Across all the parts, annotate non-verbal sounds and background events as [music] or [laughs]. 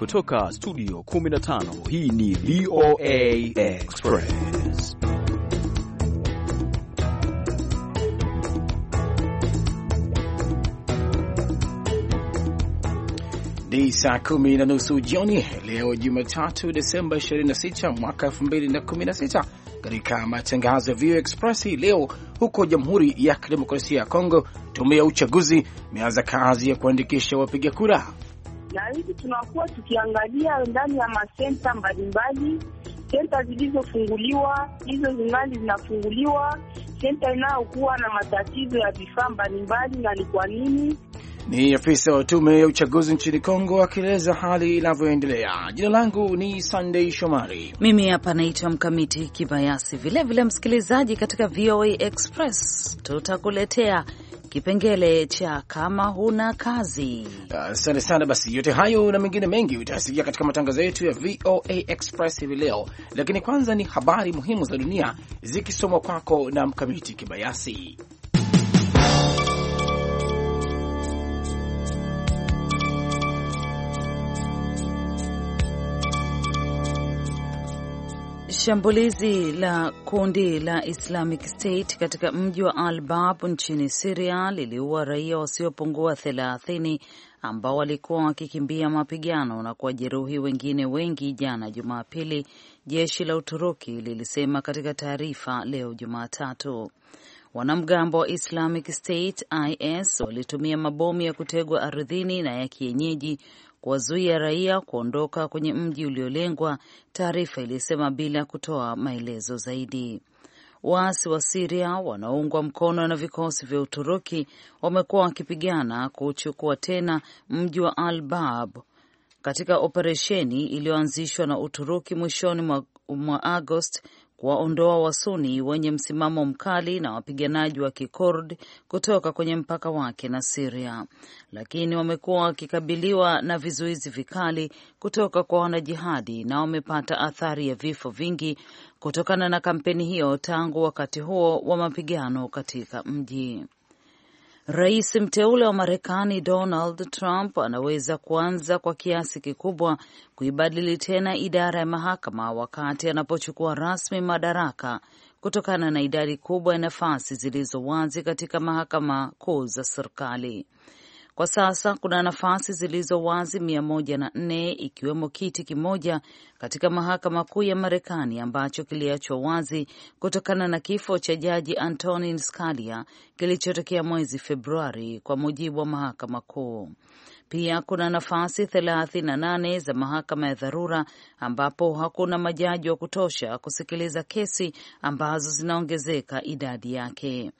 kutoka studio 15 hii ni VOA Express. Ni saa kumi na nusu jioni leo Jumatatu, Desemba 26 mwaka 2016. Katika matangazo ya VOA Express leo, huko Jamhuri ya Kidemokrasia ya Kongo, tume ya uchaguzi imeanza kazi ya kuandikisha wapiga kura na hivi tunakuwa tukiangalia ndani ya masenta mbalimbali, senta zilizofunguliwa, hizo zingali zinafunguliwa, senta inayokuwa na matatizo ya vifaa mbalimbali, na ni kwa nini ni afisa wa tume ya uchaguzi nchini Kongo akieleza hali inavyoendelea. Jina langu ni sandey Shomari, mimi hapa naitwa Mkamiti Kibayasi. Vilevile msikilizaji, katika VOA Express tutakuletea kipengele cha kama huna kazi. Asante uh, sana. Basi yote hayo na mengine mengi utayasikia katika matangazo yetu ya VOA Express hivi leo, lakini kwanza ni habari muhimu za dunia zikisomwa kwako na Mkamiti Kibayasi. Shambulizi la kundi la Islamic State katika mji wa Al-Bab nchini siria liliua raia wasiopungua 30 ambao walikuwa wakikimbia mapigano na kuwajeruhi wengine wengi jana Jumapili, jeshi la Uturuki lilisema katika taarifa leo Jumatatu. Wanamgambo wa Islamic State IS walitumia mabomu ya kutegwa ardhini na ya kienyeji kuwazuia raia kuondoka kwenye mji uliolengwa, taarifa ilisema bila kutoa maelezo zaidi. Waasi wa Siria wanaoungwa mkono na vikosi vya Uturuki wamekuwa wakipigana kuchukua tena mji wa Al Bab katika operesheni iliyoanzishwa na Uturuki mwishoni mwa Agosti kuwaondoa Wasuni wenye msimamo mkali na wapiganaji wa Kikurd kutoka kwenye mpaka wake na Siria, lakini wamekuwa wakikabiliwa na vizuizi vikali kutoka kwa wanajihadi na wamepata athari ya vifo vingi kutokana na kampeni hiyo tangu wakati huo wa mapigano katika mji Rais mteule wa Marekani Donald Trump anaweza kuanza kwa kiasi kikubwa kuibadili tena idara ya mahakama wakati anapochukua rasmi madaraka kutokana na idadi kubwa ya nafasi zilizo wazi katika mahakama kuu za serikali. Kwa sasa kuna nafasi zilizo wazi mia moja na nne ikiwemo kiti kimoja katika mahakama kuu ya Marekani ambacho kiliachwa wazi kutokana na kifo cha jaji Antonin Scalia kilichotokea mwezi Februari, kwa mujibu wa mahakama kuu. Pia kuna nafasi 38 za mahakama ya dharura ambapo hakuna majaji wa kutosha kusikiliza kesi ambazo zinaongezeka idadi yake.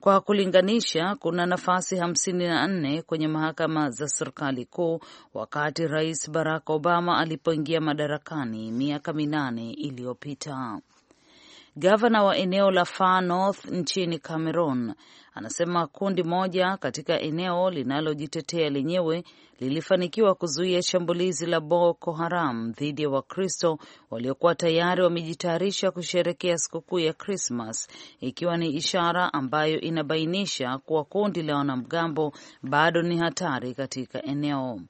Kwa kulinganisha, kuna nafasi 54 kwenye mahakama za serikali kuu wakati Rais Barack Obama alipoingia madarakani miaka minane iliyopita. Gavana wa eneo la Far North nchini Cameroon anasema kundi moja katika eneo linalojitetea lenyewe lilifanikiwa kuzuia shambulizi la Boko Haram dhidi ya Wakristo waliokuwa tayari wamejitayarisha kusherekea sikukuu ya Krismas, ikiwa ni ishara ambayo inabainisha kuwa kundi la wanamgambo bado ni hatari katika eneo.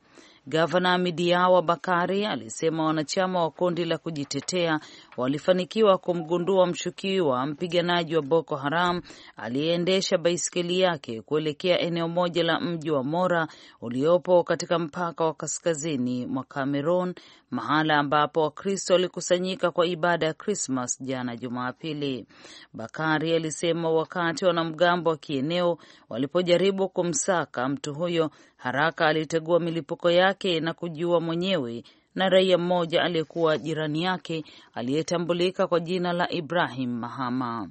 Gavana Midiawa Bakari alisema wanachama wa kundi la kujitetea walifanikiwa kumgundua mshukiwa mpiganaji wa Boko Haram aliyeendesha baiskeli yake kuelekea eneo moja la mji wa Mora uliopo katika mpaka wa kaskazini mwa Cameroon, mahala ambapo Wakristo walikusanyika kwa ibada ya Krismas jana Jumapili. Bakari alisema wakati wanamgambo wa kieneo walipojaribu kumsaka mtu huyo, haraka alitegua milipuko yake na kujiua mwenyewe na raia mmoja aliyekuwa jirani yake aliyetambulika kwa jina la Ibrahim Mahama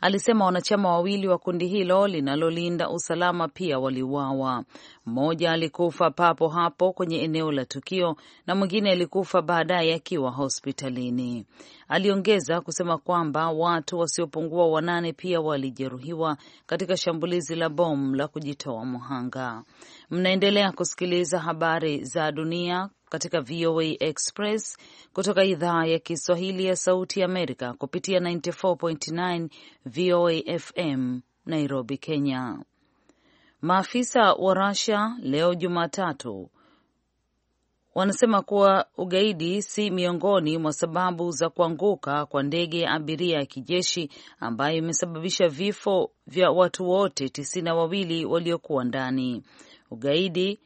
alisema wanachama wawili wa kundi hilo linalolinda usalama pia waliuawa. Mmoja alikufa papo hapo kwenye eneo la tukio na mwingine alikufa baadaye akiwa hospitalini. Aliongeza kusema kwamba watu wasiopungua wanane pia walijeruhiwa katika shambulizi la bomu la kujitoa mhanga. Mnaendelea kusikiliza habari za dunia katika VOA Express kutoka idhaa ya Kiswahili ya Sauti Amerika kupitia 94.9 VOA FM Nairobi, Kenya. Maafisa wa rasia leo Jumatatu wanasema kuwa ugaidi si miongoni mwa sababu za kuanguka kwa ndege ya abiria ya kijeshi ambayo imesababisha vifo vya watu wote tisini na wawili waliokuwa ndani. Ugaidi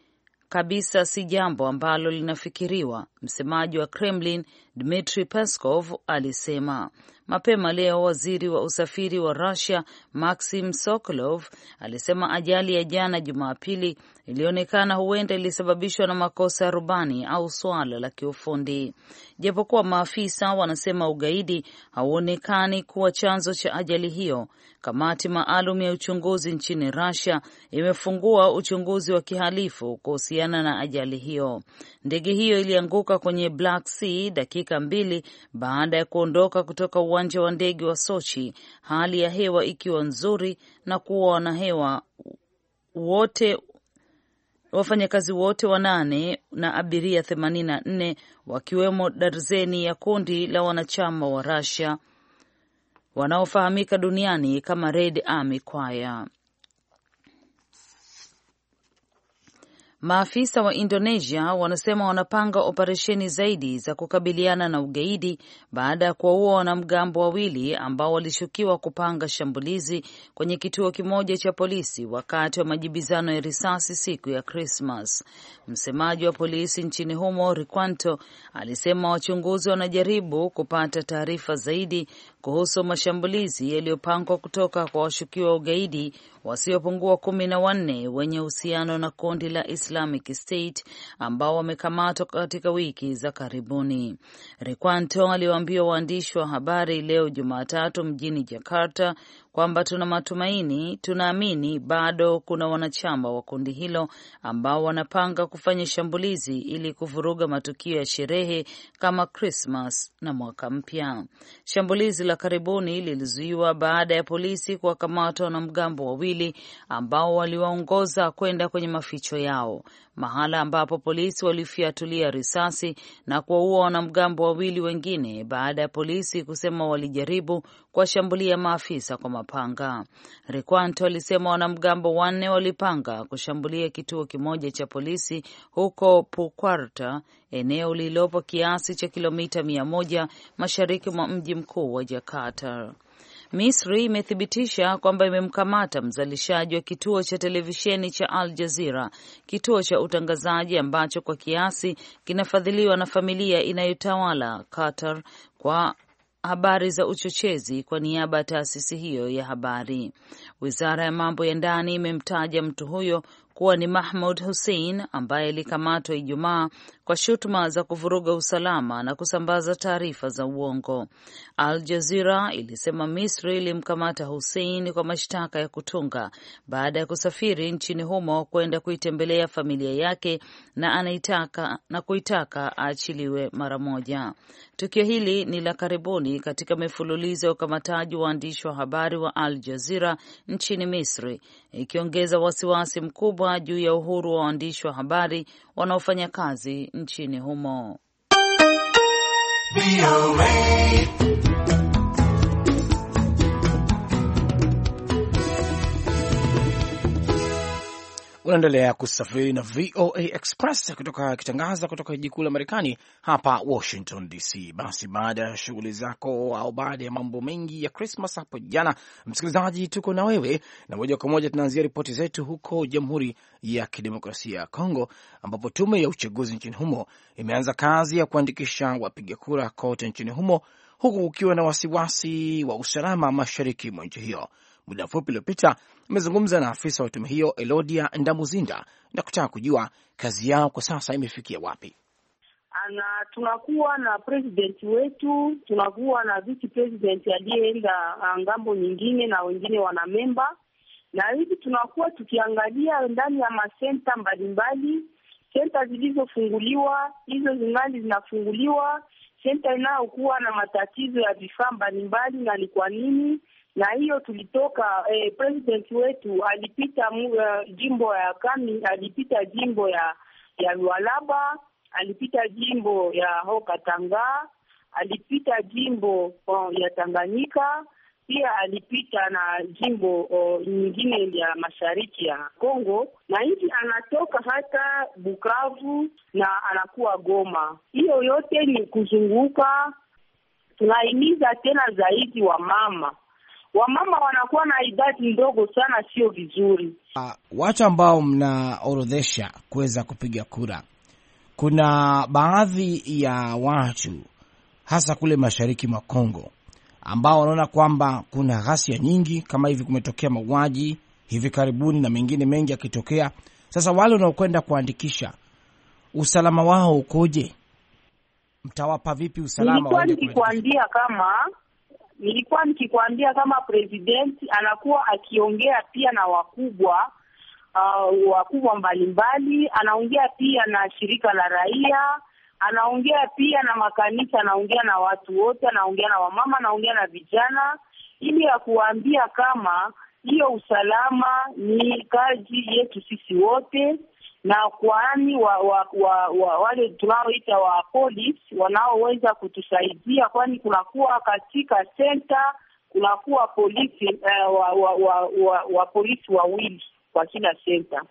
kabisa si jambo ambalo linafikiriwa Msemaji wa Kremlin Dmitri Peskov alisema mapema leo. Waziri wa usafiri wa Rusia Maxim Sokolov alisema ajali ya jana Jumapili ilionekana huenda ilisababishwa na makosa ya rubani au swala la kiufundi, japokuwa maafisa wanasema ugaidi hauonekani kuwa chanzo cha ajali hiyo. Kamati maalum ya uchunguzi nchini Rusia imefungua uchunguzi wa kihalifu kuhusiana na ajali hiyo. Ndege hiyo ilianguka kutoka kwenye Black Sea dakika mbili baada ya kuondoka kutoka uwanja wa ndege wa Sochi, hali ya hewa ikiwa nzuri na kuwa wanahewa wote wafanyakazi wote wanane na abiria 84 wakiwemo darzeni ya kundi la wanachama wa Russia wanaofahamika duniani kama Red Army Choir. Maafisa wa Indonesia wanasema wanapanga operesheni zaidi za kukabiliana na ugaidi baada ya kuwaua wanamgambo wawili ambao walishukiwa kupanga shambulizi kwenye kituo kimoja cha polisi wakati wa majibizano ya risasi siku ya Krismas. Msemaji wa polisi nchini humo Rikwanto alisema wachunguzi wanajaribu kupata taarifa zaidi kuhusu mashambulizi yaliyopangwa kutoka kwa washukiwa ugaidi wasiopungua kumi na wanne wenye uhusiano na kundi la Islam Islamic State ambao wamekamatwa katika wiki za karibuni. Rekwanto aliwaambia waandishi wa habari leo Jumatatu mjini Jakarta kwamba tuna matumaini, tunaamini bado kuna wanachama wa kundi hilo ambao wanapanga kufanya shambulizi ili kuvuruga matukio ya sherehe kama Krismas na mwaka mpya. Shambulizi la karibuni lilizuiwa baada ya polisi kuwakamata wanamgambo wawili ambao waliwaongoza kwenda kwenye maficho yao mahala ambapo polisi walifiatulia risasi na kuwaua wanamgambo wawili wengine baada ya polisi kusema walijaribu kuwashambulia maafisa kwa mapanga. Rikwanto alisema wanamgambo wanne walipanga kushambulia kituo kimoja cha polisi huko Pukwarta, eneo lililopo kiasi cha kilomita mia moja mashariki mwa mji mkuu wa Jakarta. Misri imethibitisha kwamba imemkamata mzalishaji wa kituo cha televisheni cha Al Jazeera, kituo cha utangazaji ambacho kwa kiasi kinafadhiliwa na familia inayotawala Qatar, kwa habari za uchochezi kwa niaba ya taasisi hiyo ya habari. Wizara ya mambo ya ndani imemtaja mtu huyo kuwa ni Mahmud Hussein ambaye alikamatwa Ijumaa kwa shutuma za kuvuruga usalama na kusambaza taarifa za uongo. Al Jazira ilisema Misri ilimkamata Hussein kwa mashtaka ya kutunga baada ya kusafiri nchini humo kwenda kuitembelea familia yake na anaitaka na kuitaka aachiliwe mara moja. Tukio hili ni la karibuni katika mifululizo ya ukamataji wa waandishi wa habari wa Al Jazira nchini Misri, ikiongeza wasiwasi mkubwa juu ya uhuru wa waandishi wa habari wanaofanya kazi nchini humo. Unaendelea kusafiri na VOA Express kutoka kitangaza kutoka jiji kuu la Marekani hapa Washington DC. Basi baada ya shughuli zako au baada ya mambo mengi ya Krismas hapo jana, msikilizaji, tuko na wewe na moja kwa moja tunaanzia ripoti zetu huko Jamhuri ya Kidemokrasia ya Kongo, ambapo tume ya uchaguzi nchini humo imeanza kazi ya kuandikisha wapiga kura kote nchini humo, huku kukiwa na wasiwasi wa usalama mashariki mwa nchi hiyo muda mfupi uliopita amezungumza na afisa wa tume hiyo Elodia Ndamuzinda na kutaka kujua kazi yao kwa sasa imefikia wapi. Na tunakuwa na president wetu, tunakuwa na vice president aliyeenda ah, ngambo nyingine, na wengine wana memba, na hivi tunakuwa tukiangalia ndani ya masenta mbalimbali, senta zilizofunguliwa hizo zingali zinafunguliwa, senta inayokuwa na matatizo ya vifaa mbalimbali na ni kwa nini na hiyo tulitoka eh, president wetu alipita uh, jimbo ya Kami, alipita jimbo ya ya Lualaba, alipita jimbo ya Haut-Katanga, alipita jimbo uh, ya Tanganyika, pia alipita na jimbo uh, nyingine ya mashariki ya Kongo, na hivi anatoka hata Bukavu na anakuwa Goma. Hiyo yote ni kuzunguka. Tunahimiza tena zaidi wa mama wamama wanakuwa na idadi ndogo sana, sio vizuri. Uh, watu ambao mnaorodhesha kuweza kupiga kura, kuna baadhi ya watu hasa kule mashariki mwa Kongo ambao wanaona kwamba kuna ghasia nyingi, kama hivi kumetokea mauaji hivi karibuni na mengine mengi yakitokea. Sasa wale wanaokwenda kuandikisha, usalama wao ukoje? Mtawapa vipi usalama? Nilikuwa nikikuambia kama nilikuwa nikikwambia kama president anakuwa akiongea pia na wakubwa uh, wakubwa mbalimbali, anaongea pia na shirika la raia, anaongea pia na makanisa, anaongea na watu wote, anaongea na wamama, anaongea na vijana, ili ya kuwaambia kama hiyo usalama ni kazi yetu sisi wote na kwani wa, wa, wa, wa, wale tunaoita wa polisi wanaoweza kutusaidia, kwani kunakuwa katika senta kunakuwa polisi uh, eh, wa, wa, wa, wa, wa polisi wawili kwa kila senta,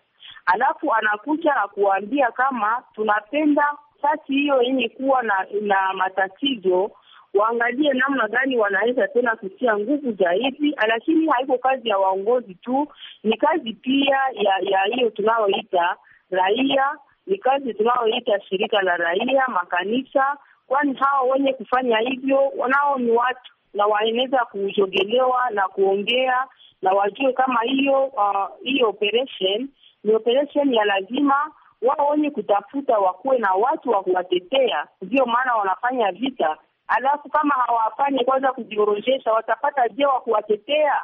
alafu anakuja na kuambia kama tunapenda sasi hiyo yenye kuwa na, na matatizo waangalie namna gani wanaweza tena kutia nguvu zaidi, lakini haiko kazi ya waongozi tu, ni kazi pia ya hiyo tunayoita raia, ni kazi tunayoita shirika la raia, makanisa, kwani hao wenye kufanya hivyo wanao ni watu na waeneza kujogelewa na kuongea na wajue kama hiyo ah, hiyo operation ni operation ya lazima. Wao wenye kutafuta wakuwe na watu wa kuwatetea, ndiyo maana wanafanya vita. Alafu kama hawafanye kwanza kujiorojesha, watapata je wa kuwatetea?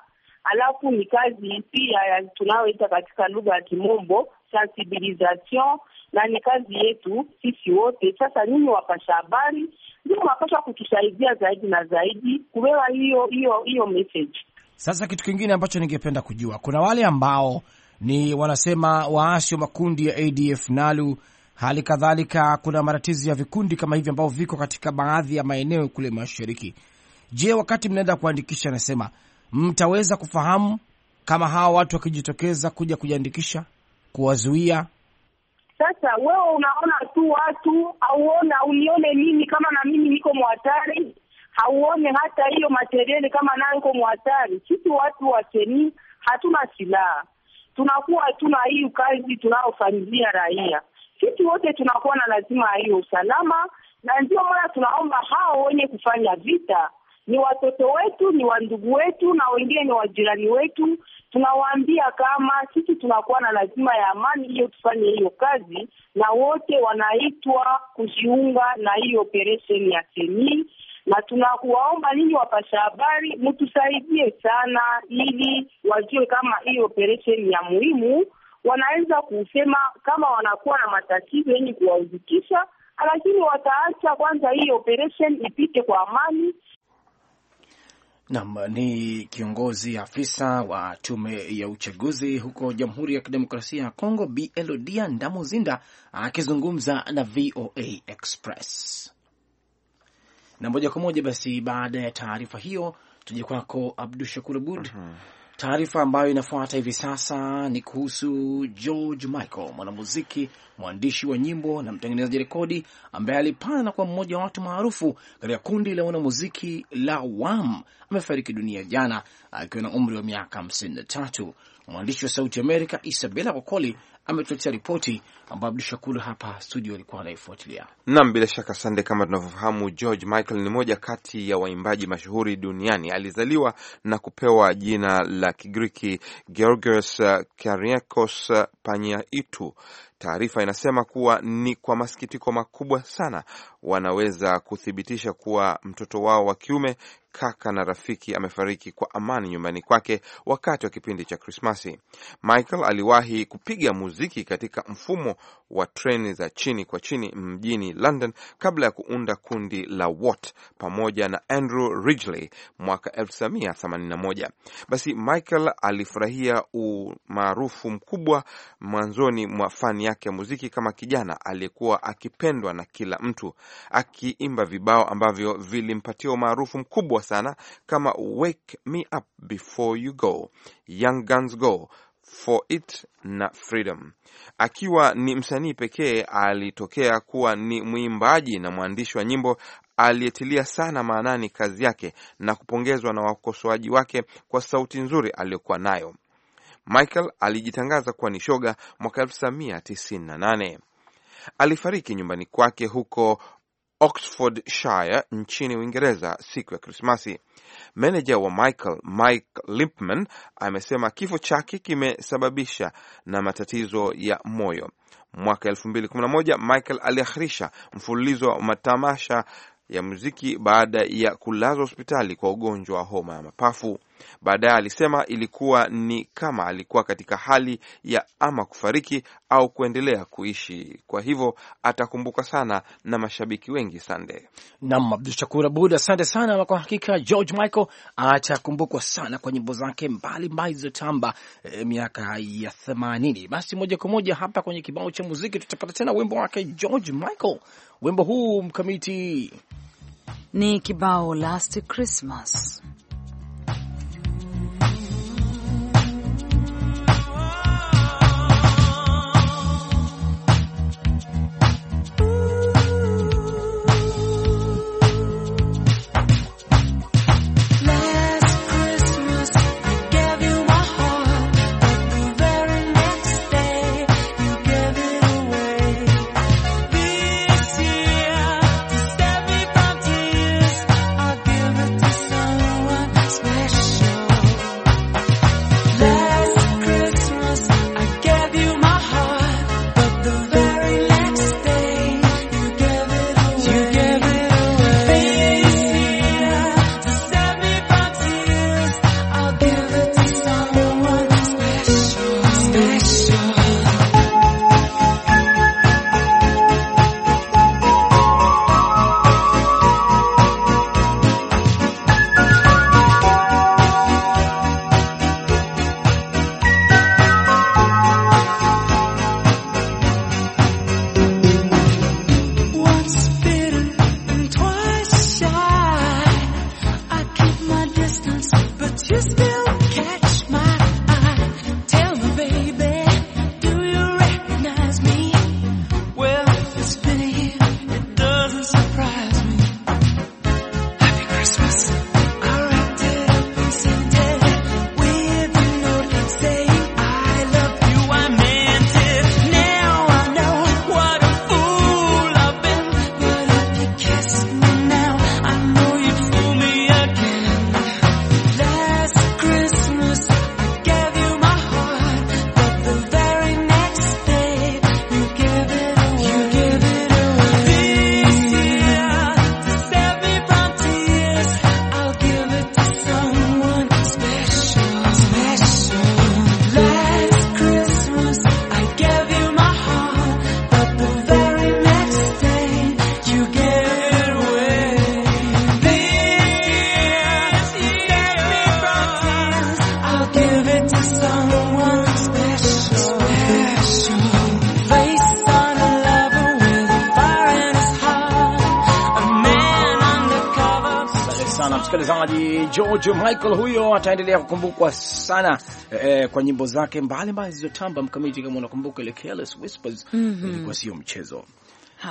Alafu ni kazi pia tunayoita katika lugha ya Kimombo sensibilisation na ni kazi yetu sisi wote. Sasa nyinyi wapasha habari ndio mnapaswa kutusaidia zaidi na zaidi kubeba hiyo hiyo hiyo message. Sasa kitu kingine ambacho ningependa kujua, kuna wale ambao ni wanasema waasi wa makundi ya ADF NALU, hali kadhalika kuna matatizo ya vikundi kama hivi ambavyo viko katika baadhi ya maeneo kule mashariki. Je, wakati mnaenda kuandikisha, anasema mtaweza kufahamu kama hawa watu wakijitokeza kuja kujiandikisha? kuwazuia? Sasa wewe unaona tu watu, hauona unione mimi kama na mimi niko mhatari? Hauone hata hiyo materiali kama nayo iko mhatari? Sisi watu wa Kenya hatuna silaha, tunakuwa hatuna hiyo kazi tunayofanyia raia. Sisi wote tunakuwa na lazima ya hiyo usalama, na ndio maana tunaomba hao wenye kufanya vita ni watoto wetu, ni wandugu wetu, na wengine ni wajirani wetu. Tunawaambia kama sisi tunakuwa na lazima ya amani hiyo, tufanye hiyo kazi, na wote wanaitwa kujiunga na hiyo operesheni ya Seni, na tunakuwaomba ninyi wapasha habari mtusaidie sana, ili wajue kama hiyo operesheni ya muhimu. Wanaweza kusema kama wanakuwa na matatizo yenye kuwahuzikisha, lakini wataacha kwanza hii operation ipite kwa amani, Nam ni kiongozi afisa wa tume ya uchaguzi huko Jamhuri ya Kidemokrasia ya Kongo, Bi Ndamuzinda akizungumza na VOA Express. Na moja kwa moja basi, baada ya taarifa hiyo, tuje kwako Abdu Shakur Abud. mm -hmm. Taarifa ambayo inafuata hivi sasa ni kuhusu George Michael, mwanamuziki, mwandishi wa nyimbo na mtengenezaji rekodi ambaye alipana kwa mmoja wa watu maarufu katika kundi la wanamuziki la Wham. Amefariki dunia jana akiwa na umri wa miaka 53. Mwandishi wa Sauti Amerika Isabela Kokoli ametuletea ripoti ambayo Abdu Shakur hapa studio alikuwa anaifuatilia. Naam, bila shaka sande. Kama tunavyofahamu, George Michael ni moja kati ya waimbaji mashuhuri duniani. Alizaliwa na kupewa jina la Kigiriki Georgios Kariakos Paniaitu. Taarifa inasema kuwa ni kwa masikitiko makubwa sana wanaweza kuthibitisha kuwa mtoto wao wa kiume, kaka na rafiki, amefariki kwa amani nyumbani kwake wakati wa kipindi cha Krismasi. Michael aliwahi kupiga muziki katika mfumo wa treni za chini kwa chini mjini London kabla ya kuunda kundi la Wat pamoja na Andrew Ridgeley mwaka 1981. Basi Michael alifurahia umaarufu mkubwa mwanzoni mwa fani yake ya muziki kama kijana aliyekuwa akipendwa na kila mtu akiimba vibao ambavyo vilimpatia umaarufu mkubwa sana kama Wake Me Up Before You Go, Young Guns Go, For It na Freedom. Akiwa ni msanii pekee, alitokea kuwa ni mwimbaji na mwandishi wa nyimbo aliyetilia sana maanani kazi yake na kupongezwa na wakosoaji wake kwa sauti nzuri aliyokuwa nayo. Michael alijitangaza kuwa ni shoga mwaka 1998. Alifariki nyumbani kwake huko Oxfordshire nchini Uingereza siku ya Krismasi. Meneja wa Michael Mike Limpman amesema kifo chake kimesababisha na matatizo ya moyo. Mwaka 2011 Michael aliahirisha mfululizo wa matamasha ya muziki baada ya kulazwa hospitali kwa ugonjwa wa homa ya mapafu. Baadaye alisema ilikuwa ni kama alikuwa katika hali ya ama kufariki au kuendelea kuishi. Kwa hivyo atakumbuka sana na mashabiki wengi. Sande nam Abdu Shakur Abud, asante sana kwa hakika George Michael atakumbukwa sana kwa nyimbo zake mbalimbali zilizotamba e, miaka ya themanini. Basi moja kwa moja hapa kwenye kibao cha muziki tutapata tena wimbo wake George Michael. Wimbo huu mkamiti ni kibao Last Christmas. George Michael huyo ataendelea kukumbukwa sana eh, eh, kwa nyimbo zake mbalimbali zilizotamba mkamiti, kama unakumbuka ile Careless Whispers mm -hmm. Ilikuwa sio mchezo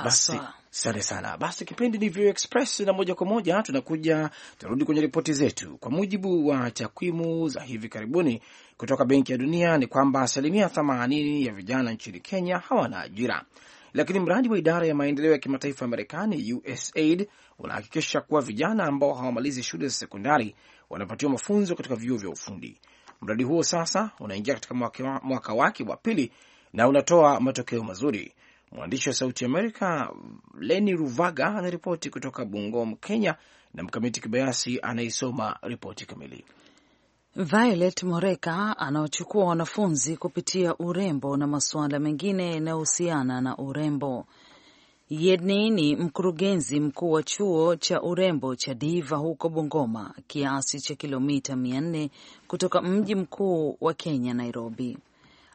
basi so. sana. Basi kipindi ni View Express na moja kwa moja tunakuja, tunarudi kwenye ripoti zetu. Kwa mujibu wa takwimu za hivi karibuni kutoka Benki ya Dunia ni kwamba asilimia 80 ya vijana nchini Kenya hawana ajira, lakini mradi wa idara ya maendeleo ya kimataifa ya Marekani, USAID, unahakikisha kuwa vijana ambao hawamalizi shule za sekondari wanapatiwa mafunzo katika vyuo vya ufundi. Mradi huo sasa unaingia katika mwaka, wake wa pili na unatoa matokeo mazuri. Mwandishi wa Sauti Amerika Leni Ruvaga anaripoti kutoka Bungoma, Kenya, na Mkamiti Kibayasi anaisoma ripoti kamili. Violet Moreka anaochukua wanafunzi kupitia urembo na masuala mengine yanayohusiana na urembo. Yedni ni mkurugenzi mkuu wa chuo cha urembo cha Diva huko Bungoma, kiasi cha kilomita 400 kutoka mji mkuu wa Kenya, Nairobi,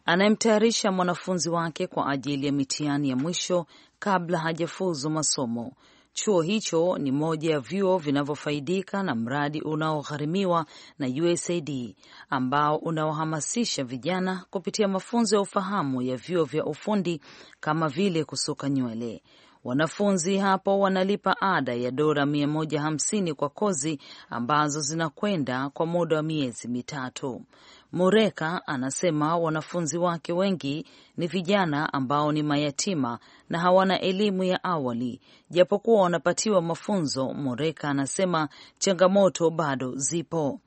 anayemtayarisha mwanafunzi wake kwa ajili ya mitihani ya mwisho kabla hajafuzu masomo Chuo hicho ni moja ya vyuo vinavyofaidika na mradi unaogharimiwa na USAID ambao unaohamasisha vijana kupitia mafunzo ya ufahamu ya vyuo vya ufundi kama vile kusuka nywele, Wanafunzi hapo wanalipa ada ya dola 150 kwa kozi ambazo zinakwenda kwa muda wa miezi mitatu. Mureka anasema wanafunzi wake wengi ni vijana ambao ni mayatima na hawana elimu ya awali, japokuwa wanapatiwa mafunzo. Mureka anasema changamoto bado zipo.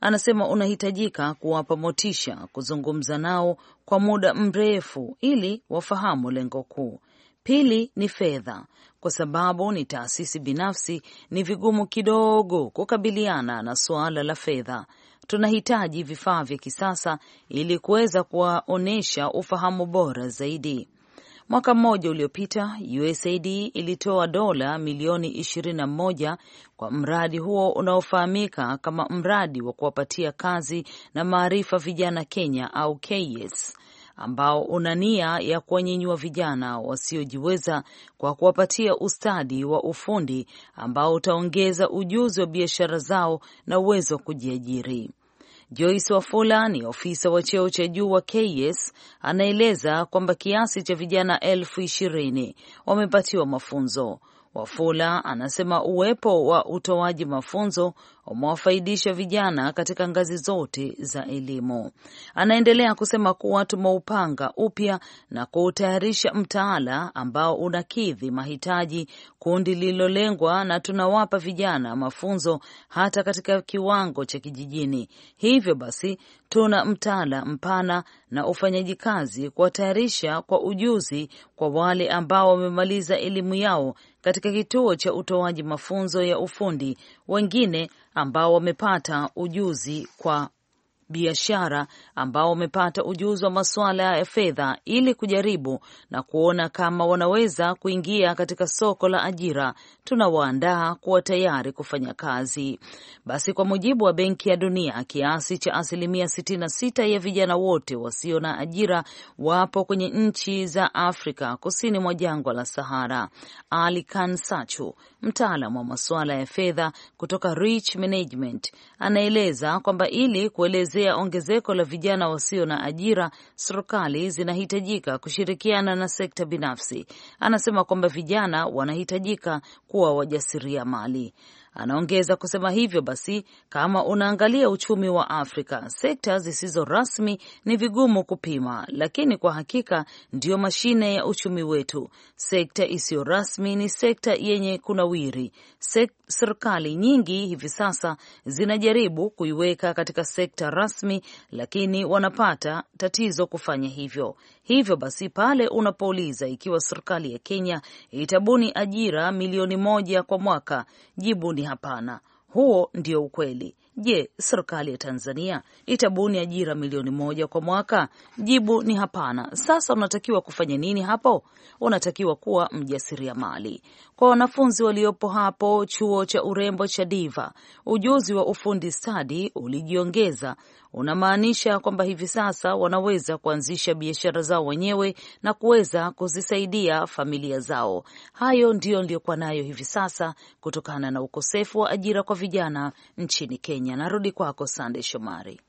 Anasema unahitajika kuwapa motisha, kuzungumza nao kwa muda mrefu ili wafahamu lengo kuu. Pili ni fedha, kwa sababu ni taasisi binafsi, ni vigumu kidogo kukabiliana na suala la fedha. Tunahitaji vifaa vya kisasa ili kuweza kuwaonyesha ufahamu bora zaidi. Mwaka mmoja uliopita USAID ilitoa dola milioni 21 kwa mradi huo unaofahamika kama mradi wa kuwapatia kazi na maarifa vijana Kenya au KYES ambao una nia ya kuwanyanyua vijana wasiojiweza kwa kuwapatia ustadi wa ufundi ambao utaongeza ujuzi wa biashara zao na uwezo wa kujiajiri. Joyce Wafula ni ofisa wa cheo cha juu wa KS, anaeleza kwamba kiasi cha vijana elfu ishirini wamepatiwa mafunzo. Wafula anasema uwepo wa utoaji mafunzo umewafaidisha vijana katika ngazi zote za elimu. Anaendelea kusema kuwa tumeupanga upya na kuutayarisha mtaala ambao unakidhi mahitaji kundi lililolengwa, na tunawapa vijana mafunzo hata katika kiwango cha kijijini. Hivyo basi tuna mtaala mpana na ufanyaji kazi kuwatayarisha kwa ujuzi kwa wale ambao wamemaliza elimu yao katika kituo cha utoaji mafunzo ya ufundi, wengine ambao wamepata ujuzi kwa biashara ambao wamepata ujuzi wa masuala ya fedha ili kujaribu na kuona kama wanaweza kuingia katika soko la ajira tunawaandaa kuwa tayari kufanya kazi. Basi kwa mujibu wa Benki ya Dunia, kiasi cha asilimia 66 ya vijana wote wasio na ajira wapo kwenye nchi za Afrika kusini mwa jangwa la Sahara. Ali Kansachu, mtaalam wa masuala ya fedha kutoka Rich Management, anaeleza kwamba ili kuelezea ongezeko la vijana wasio na ajira, serikali zinahitajika kushirikiana na sekta binafsi. Anasema kwamba vijana wanahitajika kuwa wajasiriamali. Anaongeza kusema hivyo basi, kama unaangalia uchumi wa Afrika, sekta zisizo rasmi ni vigumu kupima, lakini kwa hakika ndiyo mashine ya uchumi wetu. Sekta isiyo rasmi ni sekta yenye kunawiri. Serikali nyingi hivi sasa zinajaribu kuiweka katika sekta rasmi, lakini wanapata tatizo kufanya hivyo. Hivyo basi, pale unapouliza ikiwa serikali ya Kenya itabuni ajira milioni moja kwa mwaka, jibu ni ni hapana. Huo ndio ukweli. Je, serikali ya Tanzania itabuni ajira milioni moja kwa mwaka? Jibu ni hapana. Sasa unatakiwa kufanya nini hapo? Unatakiwa kuwa mjasiriamali. Kwa wanafunzi waliopo hapo chuo cha urembo cha Diva, ujuzi wa ufundi stadi ulijiongeza unamaanisha kwamba hivi sasa wanaweza kuanzisha biashara zao wenyewe na kuweza kuzisaidia familia zao. Hayo ndiyo niliyokuwa nayo hivi sasa kutokana na ukosefu wa ajira kwa vijana nchini Kenya. Narudi kwako Sande Shomari.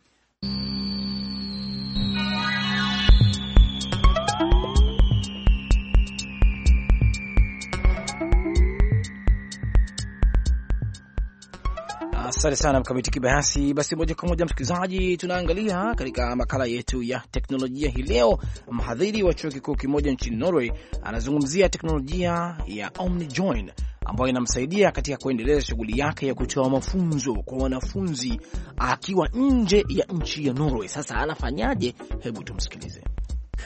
Asante sana Mkamiti Kibayasi. Basi moja kwa moja, msikilizaji, tunaangalia katika makala yetu ya teknolojia hii leo. Mhadhiri wa chuo kikuu kimoja nchini Norway anazungumzia teknolojia ya OmniJoin ambayo inamsaidia katika kuendeleza shughuli yake ya kutoa mafunzo kwa wanafunzi akiwa nje ya nchi ya Norway. Sasa anafanyaje? Hebu tumsikilize.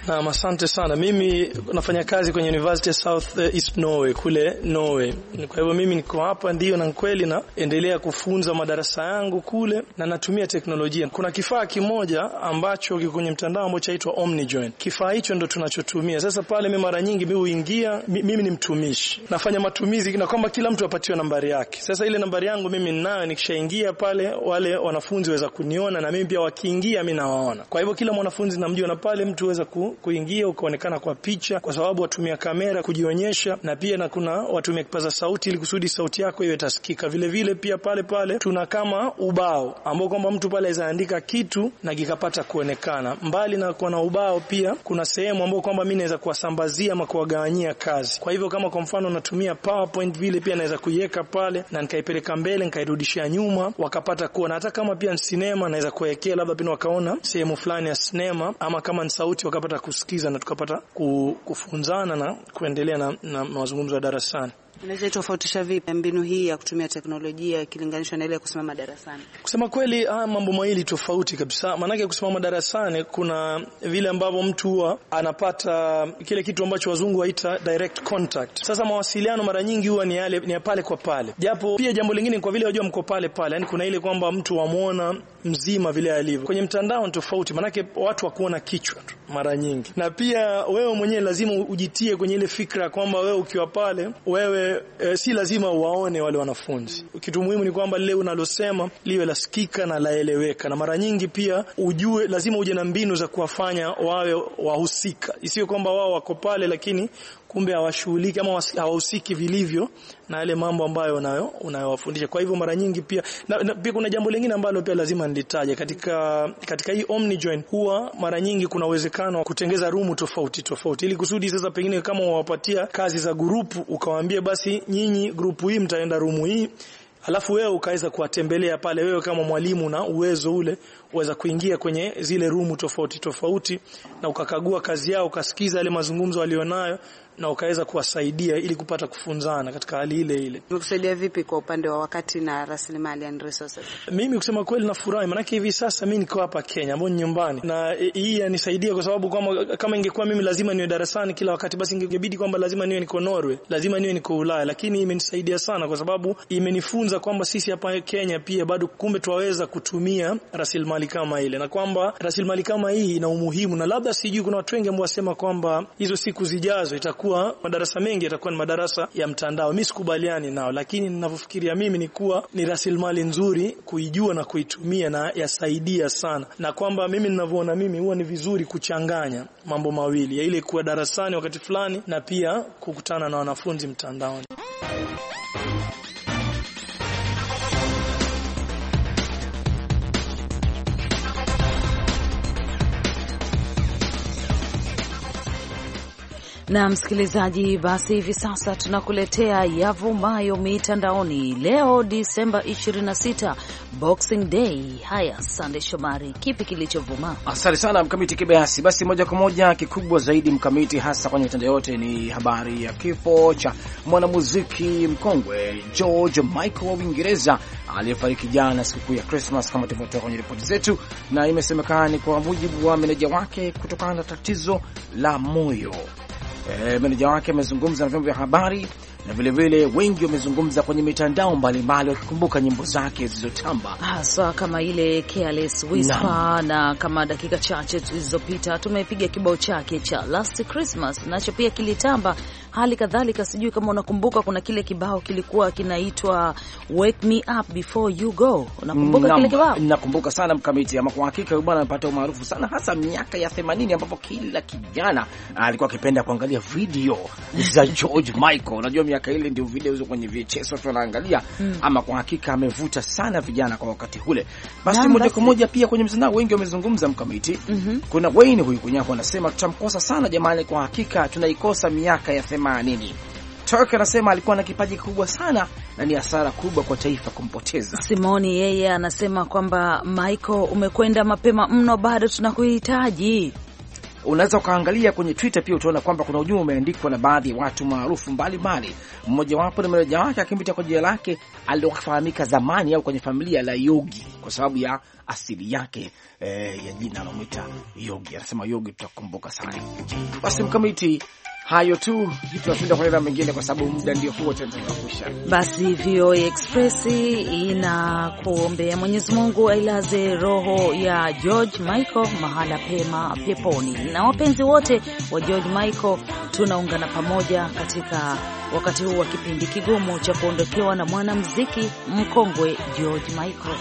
Naam, asante sana. Mimi nafanya kazi kwenye University South East Norway kule Norway. Kwa hivyo mimi niko hapa ndio na kweli endelea kufunza madarasa yangu kule na natumia teknolojia. Kuna kifaa kimoja ambacho kiko kwenye mtandao ambacho chaitwa OmniJoin. Kifaa hicho ndo tunachotumia sasa pale. Mimi mara nyingi mimi huingia, mimi ni mtumishi, nafanya matumizi na kwamba kila mtu apatiwe nambari yake. Sasa ile nambari yangu mimi ninayo, nikishaingia pale wale wanafunzi waweza kuniona na mimi pia wakiingia mimi nawaona. Kwa hivyo kila mwanafunzi namjua na pale mtu waweza ku kuingia ukaonekana kwa picha, kwa sababu watumia kamera kujionyesha, na pia na kuna watumia kipaza sauti ili kusudi sauti yako iwe tasikika. Vile vile pia pale pale tuna kama ubao ambao kwamba mtu pale azaandika kitu na kikapata kuonekana. Mbali na kuwa na ubao, pia kuna sehemu ambayo kwamba mimi naweza kuwasambazia ama kuwagawanyia kazi. Kwa hivyo kama kwa mfano natumia PowerPoint vile pia naweza kuiweka pale na nikaipeleka mbele nikairudishia nyuma, wakapata kuona. Hata kama pia ni sinema naweza kuwekea labda pia wakaona sehemu fulani ya sinema, ama kama ni sauti wakapata tukapata kusikiza na tukapata kufunzana na kuendelea na, na mazungumzo ya darasani. Unaweza tofautisha vipi mbinu hii ya kutumia teknolojia ikilinganishwa na ile ya kusimama darasani? Kusema kweli, haya ah, mambo mawili tofauti kabisa. Maanake kusimama darasani kuna vile ambavyo mtu huwa anapata kile kitu ambacho wazungu waita direct contact. Sasa mawasiliano mara nyingi huwa ni yale ni ya pale kwa pale, japo pia jambo lingine kwa vile wajua mko pale pale, yani kuna ile kwamba mtu wamwona mzima vile alivyo. Kwenye mtandao ni tofauti, manake watu wakuona kichwa tu mara nyingi, na pia wewe mwenyewe lazima ujitie kwenye ile fikra kwamba wewe ukiwa pale wewe e, si lazima uwaone wale wanafunzi. Kitu muhimu ni kwamba lile unalosema liwe lasikika na laeleweka, na mara nyingi pia ujue, lazima uje na mbinu za kuwafanya wawe wahusika, isiyo kwamba wao wako pale lakini kumbe hawashughuliki ama hawahusiki vilivyo na yale mambo ambayo unayo unayowafundisha. Kwa hivyo mara nyingi pia na, na, pia kuna jambo lingine ambalo pia lazima nilitaje katika katika hii Omni Join, huwa mara nyingi kuna uwezekano wa kutengeza rumu tofauti tofauti, ili kusudi sasa pengine kama wawapatia kazi za grupu, ukawaambia basi nyinyi grupu hii mtaenda rumu hii Alafu wewe ukaweza kuwatembelea pale, wewe kama mwalimu na uwezo ule uweza kuingia kwenye zile rumu tofauti tofauti, na ukakagua kazi yao, ukasikiza yale mazungumzo walionayo, na ukaweza kuwasaidia ili kupata kufunzana katika hali ile ile. Umekusaidia vipi kwa upande wa wakati na rasilimali and resources? Mimi kusema kweli nafurahi, maanake hivi sasa mimi niko hapa Kenya ambapo ni nyumbani, na hii yanisaidia kwa sababu kama, kama ingekuwa mimi lazima niwe darasani kila wakati, basi ingebidi kwamba lazima niwe niko Norway, lazima niwe niko Ulaya, lakini imenisaidia sana kwa sababu imenifunza kwamba sisi hapa Kenya pia bado kumbe twaweza kutumia rasilimali kama ile, na kwamba rasilimali kama hii ina umuhimu, na labda sijui, kuna watu wengi ambao wasema kwamba hizo siku zijazo itakuwa kuwa madarasa mengi yatakuwa ni madarasa ya mtandao. Mimi sikubaliani nao, lakini ninavyofikiria mimi ni kuwa ni rasilimali nzuri kuijua na kuitumia na yasaidia sana, na kwamba mimi ninavyoona mimi huwa ni vizuri kuchanganya mambo mawili ya ile kuwa darasani wakati fulani na pia kukutana na wanafunzi mtandaoni. na msikilizaji, basi hivi sasa tunakuletea yavumayo mitandaoni leo Disemba 26, Boxing Day. Haya, Sande Shomari, kipi kilichovuma? Asante sana Mkamiti Kibayasi. Basi moja kwa moja, kikubwa zaidi Mkamiti, hasa kwenye mitandao yote, ni habari ya kifo cha mwanamuziki mkongwe George Michael wa Uingereza aliyefariki jana sikukuu ya Krismas, kama tulivyotoka kwenye ripoti zetu, na imesemekana ni kwa mujibu wa meneja wake kutokana na tatizo la moyo e, meneja wake amezungumza na vyombo vya habari na vilevile vile, wengi wamezungumza kwenye mitandao mbalimbali wakikumbuka nyimbo zake zilizotamba haswa kama ile Careless Whisper, na kama dakika chache zilizopita tumepiga kibao chake cha Last Christmas nacho pia kilitamba Hali kadhalika, sijui kama unakumbuka, kuna kile kibao kilikuwa kinaitwa wake me up before you go. Unakumbuka kile kibao? Nakumbuka sana mkamiti, ama kwa hakika bwana amepata umaarufu sana, hasa miaka ya 80 ambapo kila kijana alikuwa akipenda kuangalia video za [laughs] George Michael. Unajua miaka ile ndio video hizo kwenye VHS watu wanaangalia mm. Ama kwa hakika amevuta sana vijana kwa wakati ule. Basi moja kwa moja pia kwenye mtandao wengi wamezungumza mkamiti mm -hmm. Kuna Wayne huyu kunyako anasema tutamkosa sana jamani, kwa hakika tunaikosa miaka ya 80 anasema nini? Turk anasema alikuwa na kipaji kikubwa sana na ni hasara kubwa kwa taifa kumpoteza. Simoni yeye anasema kwamba Michael, umekwenda mapema mno, bado tunakuhitaji. Unaweza ukaangalia kwenye Twitter pia utaona kwamba kuna ujumbe umeandikwa na baadhi ya watu maarufu mbalimbali, mmojawapo ni meneja wake akimpita kwa jina lake alilofahamika zamani au kwenye familia la Yogi kwa sababu ya asili yake eh, ya jina anamwita Yogi. Anasema Yogi tutakumbuka sana. Basi mkamiti Hayo tu tunashinda kueleza mengine kwa sababu muda ndio huo tunatakusha. Basi VOA Express inakuombea Mwenyezi Mungu ailaze roho ya George Michael mahala pema peponi, na wapenzi wote wa George Michael tunaungana pamoja katika wakati huu wa kipindi kigumu cha kuondokewa na mwanamuziki mkongwe George Michael.